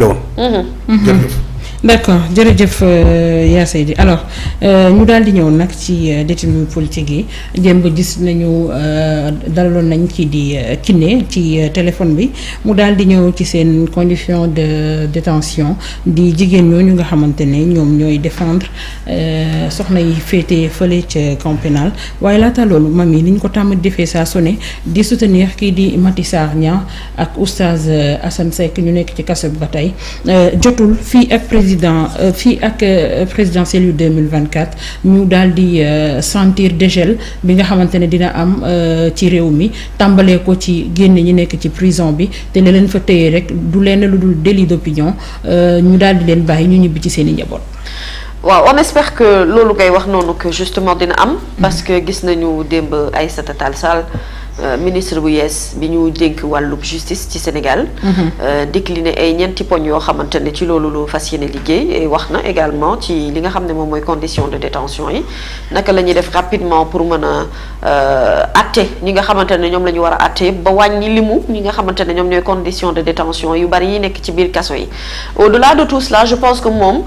loolu. Mm-hmm. jërëjëf. d'accord jërëjëf euh, yaa Seydi alors euh, ñu daal di ñëw nag ci euh, détenu politique yi ba gis nañu dalaloon nañ kii di Kiné ci téléphone bi mu daal di ñëw ci seen condition de détention di jigéen ñooñu nga xamante ne ñoom ñooy défendre soxna yi féete fële ca camp waaye laata loolu mam yi ni ko tàmm defee saa su di soutenir kii di Mati Sarr ak oustaz Assane Seck ñu nekk ci kaso bi ba tey jotul fii ak président président euh, fii ak euh, présidentielle yu 2024 ñu daal di de euh, dégel bi nga xamante ne dina am ci réew mi tàmbalee ko ci génn ñi nekk ci prison bi te la leen fa téye rek du leen lu dul délit d'opinion ñu daal di leen bàyyi ñu ñibbi ci seen i njaboot. waaw on espère que loolu ngay wax noonu que justement dina am. Mm. parce que gis nañu démb ay Tall Sall. Euh, ministre bu yees bi ñu dénk wàllub justice ci Sénégal. Mhm. Euh, décliné ay ñeenti poñ yoo xamante ne ci loolu lu fas yéene liggéey wax na également ci li nga xam ne moom mooy condition de détention yi naka la ñuy def rapidement pour mën a euh, atte ñi nga xamante ne ñoom lañu war a atte ba wàññi limu ñi nga xamante ne ñoom ñooy condition de détention yu bari yi nekk ci biir kaso yi au-delà de tout cela je pense que moom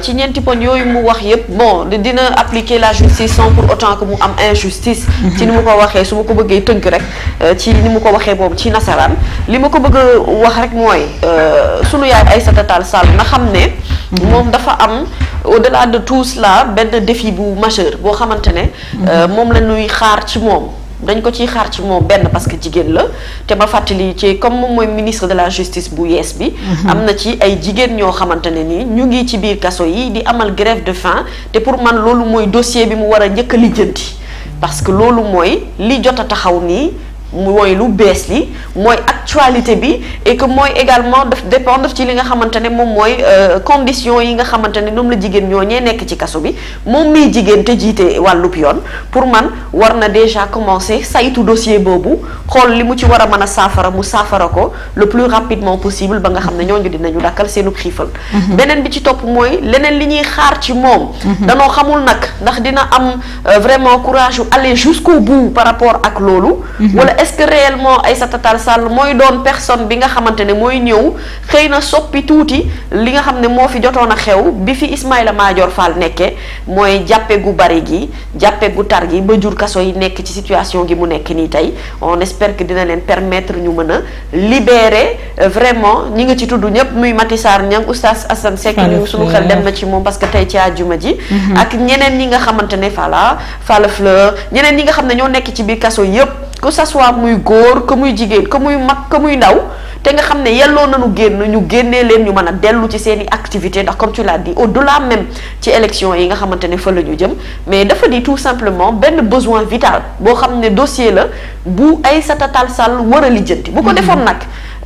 ci ñeenti poñ yooyu mu wax yépp bon dina appliquer la justice sans pour autant mu am injustice. Mhm. tënk rek euh, ci ni mu ko waxee boobu ci nasaraan li ma ko bëgg wax rek mooy euh, sunu yaay Aïssata Tall Sall na xam ne mhm. moom dafa am au-delà de tout cela benn défi bu majeur boo xamante ne mhm. euh, moom la ñuy xaar ci moom dañ ko ciy xaar ci moom benn parce que jigéen la te ma fàttali ci comme moom mooy ministre de la justice bu yees bi. Mhm. am na ci ay jigéen ñoo xamante ne ni ñu ngi ci biir kaso yi di amal grève de faim te pour man loolu mooy dossier bi mu war a njëkk a lijjanti. parce que loolu mooy li jot a taxaw nii mooy lu bees li mooy actualité bi et que mooy également daf dépendre ci li nga xamante ne moom mooy euh, condition yi nga xamante ne ñoom la jigéen ñoo ñee nekk ci kaso bi moom miy jigéen te jiite wàllub yoon pour man war na déjà commencer saytu dossier boobu xool li mu ci war a mën a saafara mu saafara ko le plus rapidement possible ba nga xam ne ñooñu dinañu dakkal seenu xiifal mhm. beneen bi ci topp mooy leneen li ñuy xaar ci moom mhm. danoo xamul nag ndax dina am euh, vraiment courage aller jusqu'au bout par rapport ak loolu mhm. est-ce que réellement Aïssata Tall Sall mooy doon personne bi nga xamante ne mooy ñëw xëy na soppi tuuti li nga xam ne moo fi jotoon a xew bi fi Ismaïla Madior Fall nekkee mooy jàppe gu bari gi jàppe gu tar gi ba jur kaso yi nekk ci situation gi mu nekk nii tey on espère que dina leen permettre ñu mën a libérer euh, vraiment ñi nga ci tudd ñëpp muy mati saar Niang oustaz Assane Seck ñu suñu xel dem na ci moom parce que tey ci àjjuma ji mhm. ak ñeneen ñi nga xamante ne Falla Falla Fleur ñeneen ñi nga xam ne ñoo nekk ci biir kaso yëpp que ça soit muy góor que muy jigéen que muy mag que muy ndaw te nga xam ne na nañu génn ñu génnee leen ñu mën a dellu ci seen i activité ndax comme tu l'as dit au-delà même ci élection yi nga xamante ne fa la ñu jëm mais dafa di tout simplement benn besoin vital boo xam ne dossier la bu Aïssata Tall Sall war a lijjanti bu ko mm-hmm. defoon nag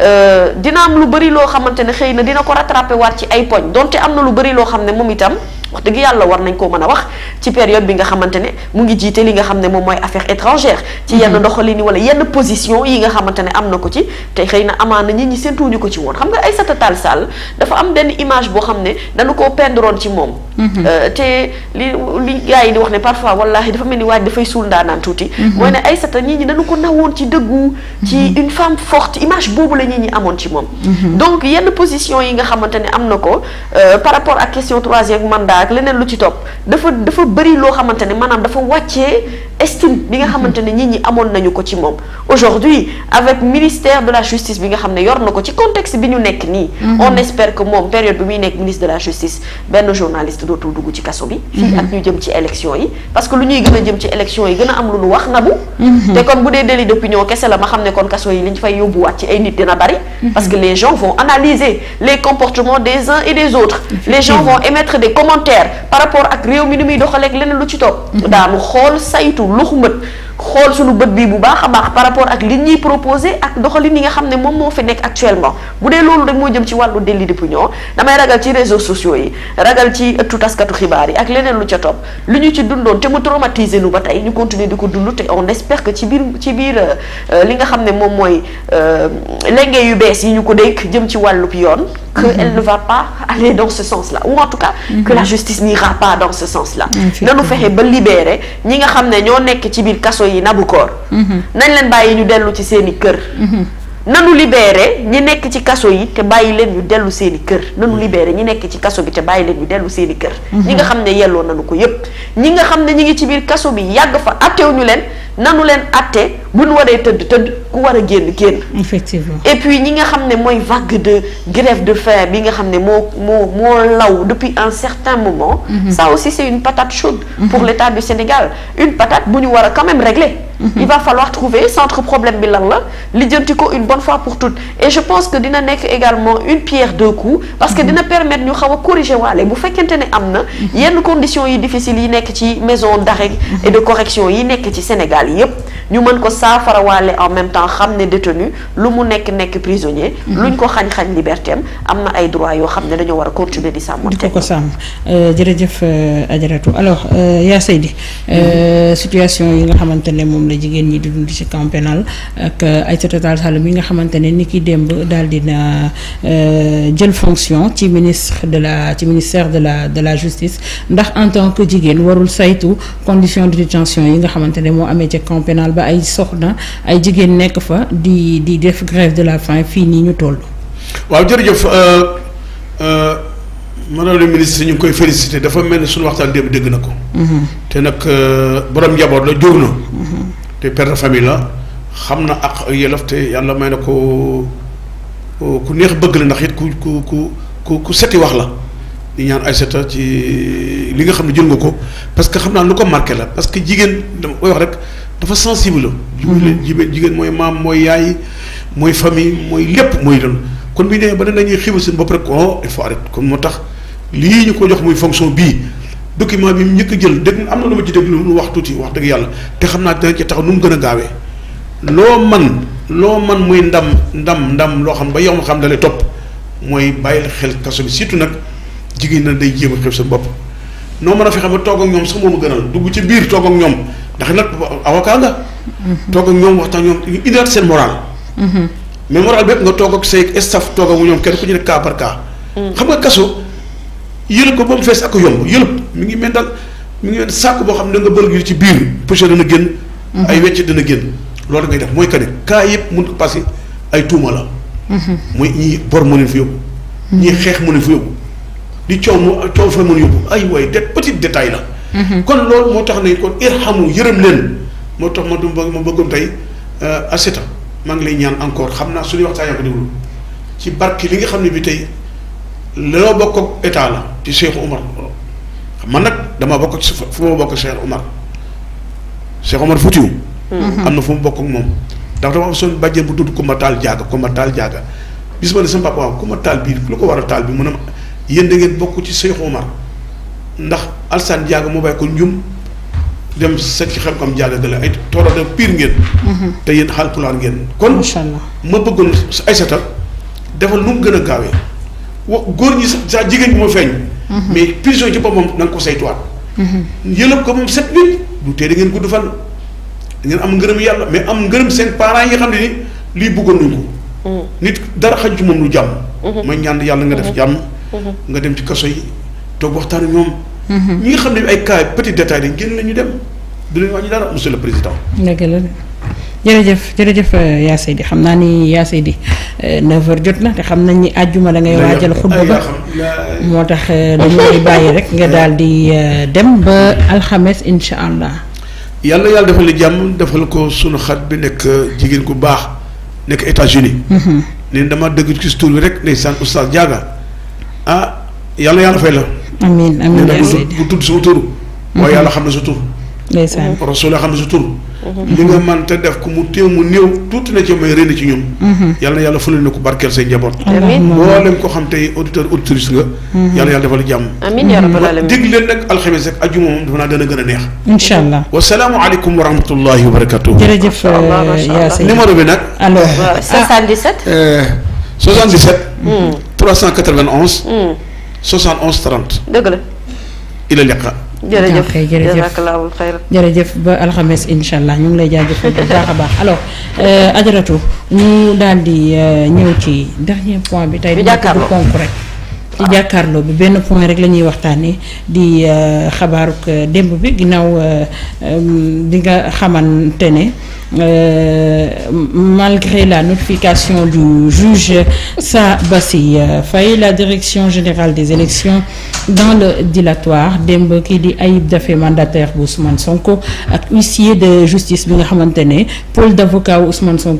euh, dina am lu bëri loo xamante ne xëy na dina ko rattrapé waat ci ay poñ donte am na lu bëri loo xam ne moom itam wax dëgg yàlla war nañ ko mën a wax ci période bi nga xamante ne mu ngi jiite li nga xam ne moom mooy affaire étrangère ci mhm. yenn doxalin wala yenn position ne am na ko ci te xëy ko ci woon xam nga Aïssata Tall Sall dafa am benn image xam ne dañu koo pendroon ci moom mhm. euh, te li li gars yi di wax ne parfois wallahi dafa mel ni waaj dafay suul ndaanaan tuuti mhm. boobu la nit ñi amoon ci moom donc yenn position yi nga xamante ne am na ko euh, par rapport ak question troisième mandat état ak leneen lu ci topp dafa dafa bëri loo xamante ne maanaam dafa wàccee estime bi nga xamante ne ñi amoon nañu ko ci moom aujourd'hui avec ministère de la justice bi nga xam ne yor na ko ci contexte bi ñu nekk nii mhm. on espère que moom période bi muy nekk ministre de la justice benn journaliste dootul dugg ci kaso bi fii mhm. ak ñu jëm ci élection yi parce que lu ñuy gën jëm ci élection yi gën am lu nu wax na bu mhm. te kon bu dee délit d'opinion kese la ma volontaire par rapport ak réew mi ni muy doxaleeg leneen lu ci topp. Mhm. daanu xool saytu luxu xool suñu bët bii bu baax a baax par rapport ak li ñuy proposé ak doxalin yi nga xam ne moom moo fi nekk actuellement bu dee loolu rek moo jëm ci wàllu délit d'opinion damay ragal ci réseaux sociaux yi ragal ci ëttu taskatu xibaar yi ak leneen lu ca topp lu ñu ci dundoon te mu traumatisé nu tey ñu continuer di ko dund te on espère que ci biir ci euh, li nga xam ne moom mooy euh, lenge yu bees yi ñu ko dénk jëm ci wàllub yoon qu'elle mhm. ne va pas aller dans ce sens-là ou en tout cas que la mhm. justice n'ira pas dans ce sens-là nanu fexe ba libérer ñi nga xam ne ñoo nekk ci biir kaso yi nabu koor mhm. nañ leen bàyyi ñu dellu ci seeni kër nanu libéré ñi nekk ci kaso yi te bàyyi leen ñu dellu seeni kër nanu mm-hmm. libéré ñi nekk ci kaso bi te bàyyi leen ñu dellu seeni kër mm-hmm. ñi nga xam ne yelloo nanu ko yépp ñi nga xam ne ñi ngi ci biir kaso bi yàgg fa attew ñu leen nanu leen atte bu nu waree tëdd tëdd ku war a génn génn effectivement et puis ñi nga xam ne mooy vague de grève de faim bi nga xam ne moo moo moo law depuis un certain moment mm -hmm. ça aussi c'est une patate chaude mm-hmm. pour l'état du Sénégal une patate bu ñu war a quand même régler il va falloir trouver centre problème bi lan la lijjanti ko une bonne fois pour toutes et je pense que dina nekk également une pierre deux coups parce que dina permettre ñu xaw a corriger wale bu fekkente ne am na yenn conditions yi difficiles yi nekk ci maison d'arrêt e de correction yi nekk ci Sénégal yépp ñu mën ko saafarawaale en même temps xam ne détenu lu mu nekk nekk prisonnier mhm. luñ ko xañ-xañ liberté am am na ay droit yoo xam ne dañoo war a continuer di sàmm di ko ko sàmm euh, jërëjëf euh, Ajaratu alors euh, yaa Seydi mhm. situation yi nga xamante ne moom la jigéen ñi di dund ci camp pénal ak Aïssata nga xamante ne ni ki démb daal dina jël fonction ci ministre de la ci ministère de la de la justice ndax en tant que jigéen warul saytu condition de détention yi nga xamante ne moo amee ci camp ba ay soxna ay jigéen nekk fa di di def grève de la faim fii nii ñu toll. waaw jërëjëf euh, euh, madame le ministre ñu ngi koy félicité dafa mel ni suñu waxtaan démb dégg na ko. Mhm. te nag euh, borom njaboot la jóg na. Mhm. te père de famille la xam na ak yelaf te yàlla may na ko ku neex bëgg la ndax it ku ku ku ku ku seti wax la. di ñaan Aïssata ci li nga xam ne jël nga ko parce que xam naa lu ko marqué la parce que jigéen dama koy wax rek dafa sensible ji jigéen jigéen mooy maam mooy yaay mooy famille mooy lépp mooy doon kon bi nee ba ne nañuy xiba seen bopp rek oh il faut arrêter kon moo tax lii ñu ko jox muy fonction bii document bi mu njëkk a jël dégg am na lu ma ci dégg lu mu wax tuuti wax dëgg yàlla te xam naa dinañ ci taxaw nu mu gën a gaawee loo man loo man muy ndam ndam ndam loo xam ba yow ma xam dalay topp mooy bàyyil xel kaso bi surtout nag jigéen na day jéem a seen bopp noo mën a fexe ba toog ak ñoom sax moomu gënal dugg ci biir toog ak ñoom ndax nag avocat nga. toog ak ñoom waxtaan ñoom ñu indiwaat seen moral. mais moral bépp nga toog ak say staff toog ak ñoom kenn ku ci ne cas par cas. xam nga kaso yëlëb ko ba mu fees ak yomb yëlëb mi ngi mel daal mi ngi mel sàkk boo xam ne nga bëri ci biir poche dana génn. ay wecc dana génn. loolu ngay def mooy que ne cas yëpp mun ko passé ay tuuma la. mooy ñii bor moo leen yóbbu. ñii xeex moo leen yóbbu. di coow moo coow fa mën yóbbu ay waay det petit Mhm. kon loolu moo tax ne kon irhamu yërëm leen moo tax ma du ma bëggoon tey euh, aseta maa ngi lay ñaan encore xam naa suñuy waxtaan saa ko déglu ci barki li nga xam ne bi tey loo bokk ak état la ci Cheikh Omar man nag dama bokk ak fu ma bokk ak Cheikh Omar Cheikh Omar mhm. am na fu mu bokk ak moom ndax dama am son bàjjen bu tudd Kumba Taal Jaaga Kumba Taal Jaaga bis ma ne sama papa waaw Kumba Taal bii lu ko war a taal bi mu ne ma yéen da ngeen bokk ci Cheikh Omar ndax Alassane Diaga moo bàyyi ko njum dem set ci xam-xam Diaga gën ay toora dem pire ngeen. Mhm. te yéen xaal pulaar ngeen. kon ma bëggoon ay setal defal nu mu gën a gaawee wa góor ñi sax jigéen ñi moo feeñ. Mhm. mais prison ci boppam na nga ko saytuwaat. Mhm. yëlëb ko moom set nit lu tee da gudd fan. ngeen am ngërëm yàlla mais am ngërëm seen parents yi xam ne ni lii bëggoon nañ ko. nit dara xaju ci moom lu jàmm. mooy ñaan yàlla nga def jàmm. nga dem ci kaso yi toog waxtaan ak Mhm. ñi ngi xam ne ay cas petit détail dañ génn la ñu dem du leen wàññi dara monsieur le président. dëgg la jërëjëf jërëjëf euh, yaa Seydi xam naa ni yaa Seydi 9 euh, jot na te xam nañ ni àjjuma da ngay waajal xutba ba moo tax euh, dañu bàyyi rek nga daal di dem ba alxames incha allah. yàlla yàlla defal li jàmm defal ko sunu xat bi nekk jigéen ku baax nekk États-Unis mhm. ne dama dëgg ci tur bi rek ndeysaan oustaz Diaga ah yàlla yàlla fay la. amiin amiin bu tudd sama tur. waaye yàlla xam ne sa tur. ndeysaan rasul xam ne sa tur. Mhm. li nga man te def ku mu téew mu néew tuuti na ci may rënd ci ñoom. Mhm. yàlla na yàlla fële na ko barkeel say njaboot. amiin boo leen ko xam tey auditeur auditrice nga. Mhm. yàlla defal jàmm. amiin leen nag alxames ak aju moom dafa naa dana gën a neex. incha allah wa salaamualeykum wa rahmatullahi wa barakatuh. jërëjëf euh, Yacine numéro bi nag. alors 77. 77. 391. 71 30. dëgg la. ila liqa. jërëjëf ba alxames incha allah ñu ngi lay jaajëfal bu baax a baax alors euh, ajaratu ñu daal di euh, ñëw ci dernier point bi. tey du konk rek. Ah. jàkkaarloo bi benn point rek la ñuy waxtaanee di euh, xabaaru démb bi ginnaaw di nga xamante ne. Euh, malgré la notification du juge Sabassi fay la direction générale des élections dans le dilatoire démb kii di Ayib Daffé mandataire bu Ousmane Sonko ak huissier de justice bi nga xamante ne pôle u Ousmane Sonko